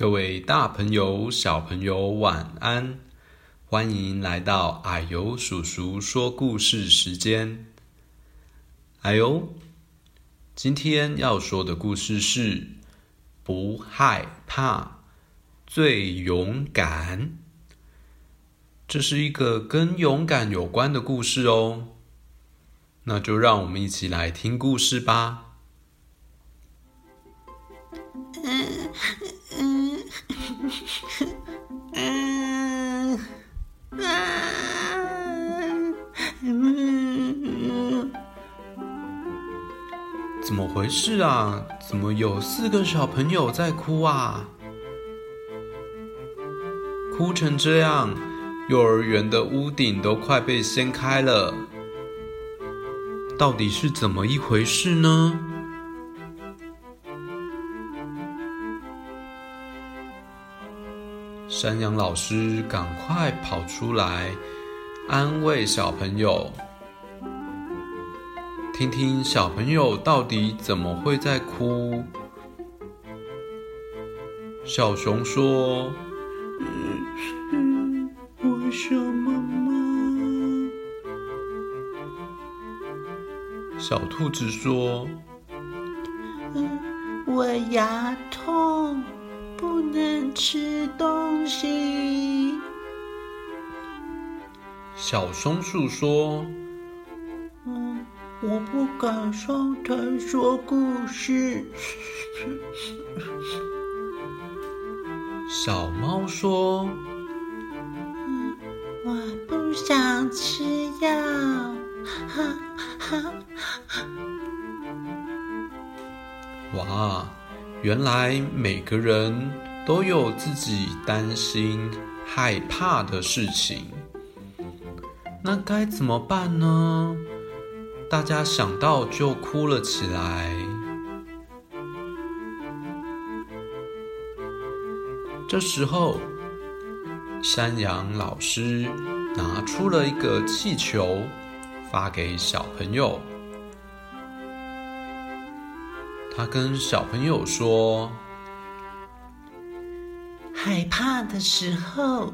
各位大朋友、小朋友，晚安！歡迎來到啊呦叔叔說故事時間。啊呦，今天要說的故事是不害怕最勇敢。這是一個跟勇敢有關的故事哦。那就讓我們一起來聽故事吧。嗯 嗯啊嗯嗯、怎麼回事啊？怎麼有四個小朋友在哭啊？哭成這樣，幼兒園的屋頂都快被掀開了。到底是怎麼一回事呢？山羊老師，趕快跑出來安慰小朋友，聽聽小朋友到底怎麼會在哭。小熊說：“嗯，是我想媽媽。”小兔子說：“嗯，我牙痛。”不能吃東西。小松鼠說：“嗯，我不敢上台說故事。 ”小貓說：“嗯，我不想吃藥。 ”哇！原來每個人都有自己擔心、害怕的事情，那該怎麼辦呢？大家想到就哭了起來。這時候，山羊老師拿出了一個氣球，發給小朋友。他跟小朋友說：“害怕的時候，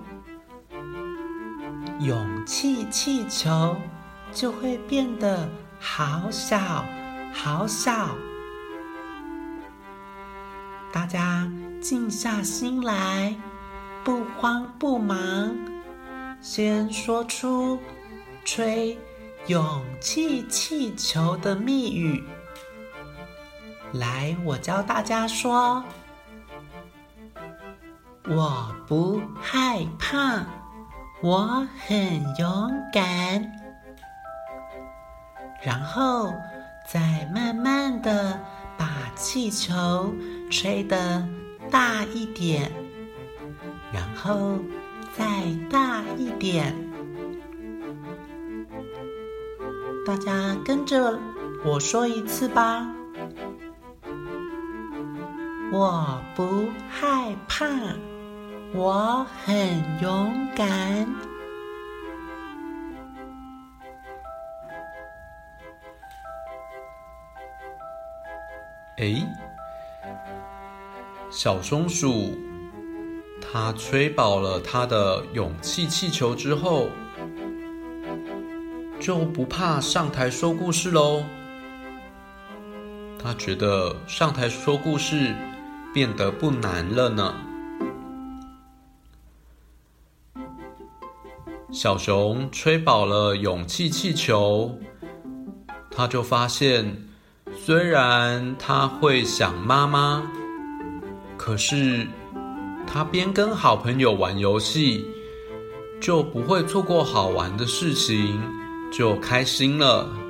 勇氣氣球就會變得好小好小。大家靜下心來，不慌不忙，先說出吹勇氣氣球的密語。”來，我教大家說：“我不害怕，我很勇敢。”然後再慢慢的把氣球吹得大一點，然後再大一點。大家跟着我說一次吧。我不害怕，我很勇敢。欸，小松鼠，它吹飽了它的勇氣氣球之後，就不怕上台說故事嘍。它覺得上台說故事，變得不難了呢。小熊吹飽了勇氣氣球，他就發現，雖然他會想媽媽，可是他邊跟好朋友玩遊戲，就不會錯過好玩的事情，就開心了。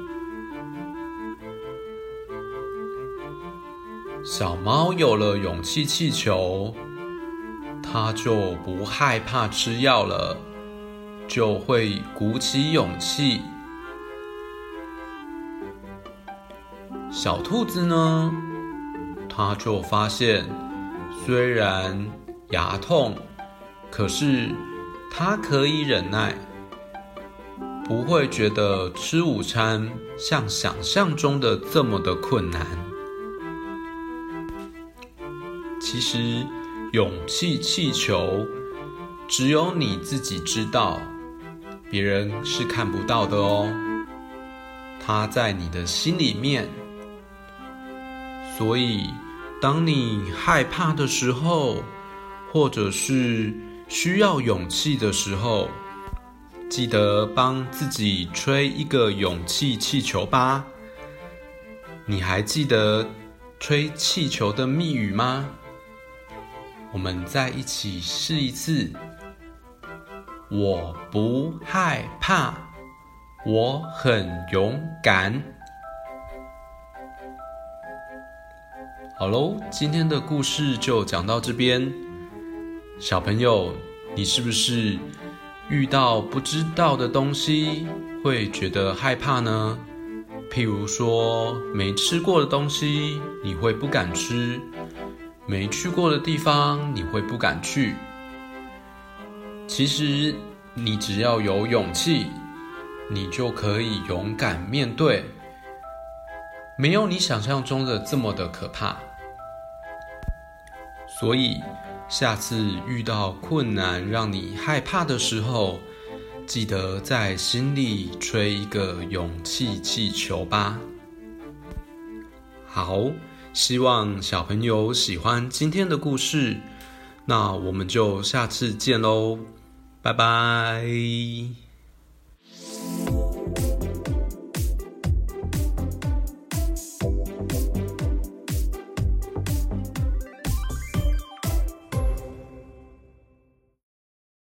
小貓有了勇氣氣球，它就不害怕吃藥了，就會鼓起勇氣。小兔子呢，它就發現，雖然牙痛，可是它可以忍耐，不會覺得吃午餐像想象中的這麼的困難。其實，勇氣氣球只有你自己知道，別人是看不到的哦。它在你的心裡面。所以，當你害怕的時候，或者是需要勇氣的時候，記得幫自己吹一個勇氣氣球吧。你還記得吹氣球的密語嗎？我們再一起試一次。我不害怕，我很勇敢。好嘍，今天的故事就講到這邊。小朋友，你是不是遇到不知道的東西會覺得害怕呢？譬如說，沒吃過的東西，你會不敢吃。沒去過的地方，你會不敢去。其實，你只要有勇氣，你就可以勇敢面對。沒有你想象中的這麼的可怕。所以，下次遇到困難讓你害怕的時候，記得在心裡吹一個勇氣氣球吧。好。希望小朋友喜歡今天的故事，那我們就下次見嘍，拜拜。